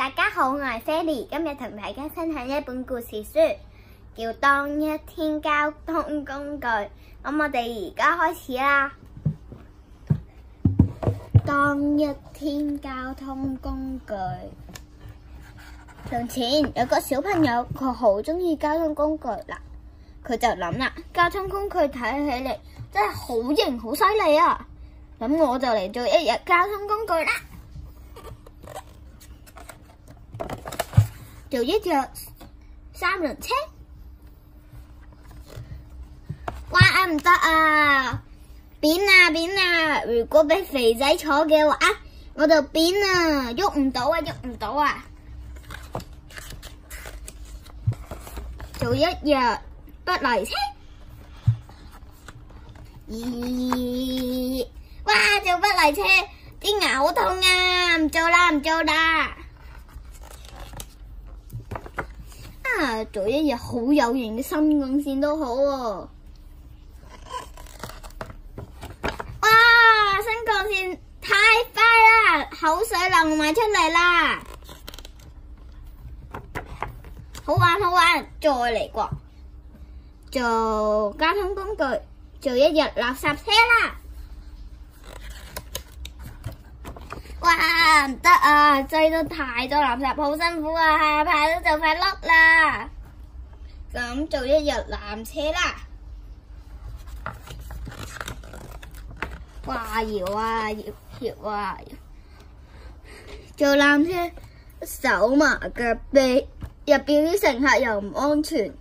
大家好，我係 Fely，今日同大家分享一本故事書，叫《當一天交通工具》。咁我哋而家開始啦。當一天交通工具。從前有個小朋友，佢好中意、啊、交通工具啦。佢就諗啦，交通工具睇起嚟真係好型好犀利啊。咁我就嚟做一日交通工具啦。做一隻三輪車，哇，唔得啊！扁啊扁啊！如果俾肥仔坐嘅話，我就扁啊，喐唔到啊，喐唔到啊！做一日不嚟車，咦！哇，做不嚟車，啲牙好痛啊！唔做啦，唔做啦！做一日好有型嘅新幹線都好喎，啊，哇！新幹線太快啦，口水流埋出嚟啦，好玩好玩，再嚟過，做交通工具，做一日垃圾車啦。哇，唔得啊！載咗太多垃圾好辛苦啊，排到就快碌啦！咁做一日纜車啦，哇，搖啊搖搖啊搖，做纜車手麻腳痹，入邊啲乘客又唔安全，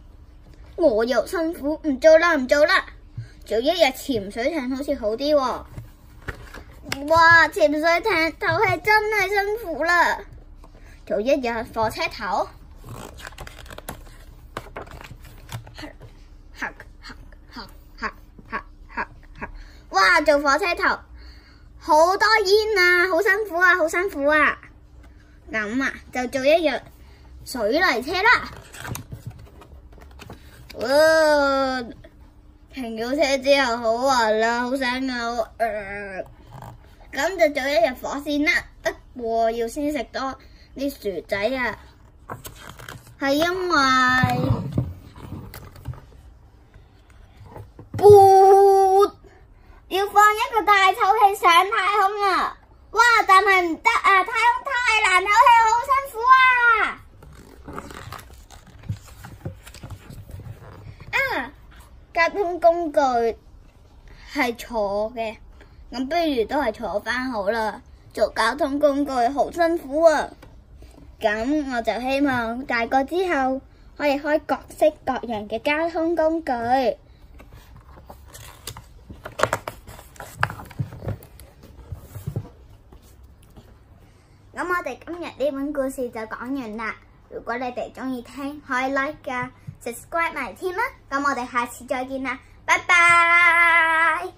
我又辛苦，唔做啦唔做啦，做一日潛水艇好似好啲喎。哇！潛水艇透氣真係辛苦啦，做一日火車頭，哈哈哈哈哈哈哈，哇！做火車頭好多煙啊，好辛苦啊，好辛苦啊！咁啊，就做一日水泥車啦。哇！停咗車之後好暈啦，好想嘔。呃咁就做一日火箭啦，不過要先食多啲薯仔啊，係因為，噗！要放一個大透氣上太空啊！哇！但係唔得啊，太空太難透氣，好辛苦啊！啊，交通工具係坐嘅。咁不如都係坐翻好啦，做交通工具好辛苦啊！咁我就希望大個之後可以開各式各樣嘅交通工具。咁我哋今日呢本故事就講完啦。如果你哋中意聽，可以 like 㗎，subscribe 埋添啦。咁我哋下次再見啦，拜拜。